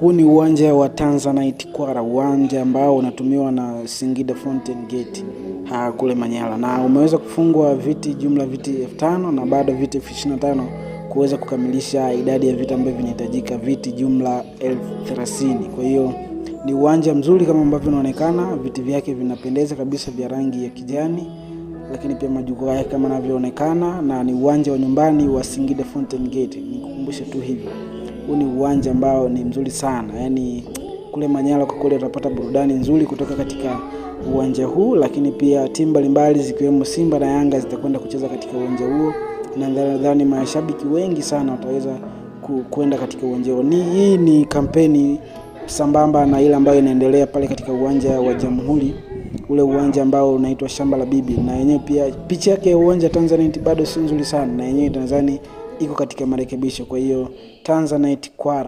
Huu ni uwanja wa Tanzanite Kwara, uwanja ambao unatumiwa na Singida Fountain Gate ha, kule Manyara, na umeweza kufungwa viti jumla viti elfu tano na bado viti elfu ishirini na tano kuweza kukamilisha idadi ya viti ambavyo vinahitajika, viti jumla elfu thelathini. Kwa hiyo ni uwanja mzuri kama ambavyo unaonekana, viti vyake vinapendeza kabisa vya rangi ya kijani, lakini pia majukwaa yake kama yanavyoonekana, na ni uwanja wa nyumbani wa Singida Fountain Gate. Nikukumbushe tu hivyo huu ni uwanja ambao ni mzuri sana, yaani kule Manyara kwa kweli utapata burudani nzuri kutoka katika uwanja huu, lakini pia timu mbalimbali zikiwemo Simba na Yanga zitakwenda kucheza katika uwanja huo, na nadhani mashabiki wengi sana wataweza kwenda katika uwanja huo. Ni hii ni kampeni sambamba na ile ambayo inaendelea pale katika uwanja wa Jamhuri, ule uwanja ambao unaitwa Shamba la Bibi, na yenyewe pia picha yake ya uwanja Tanzanite bado si nzuri sana, na yenyewe Tanzania iko katika marekebisho. Kwa hiyo Tanzanite Kwara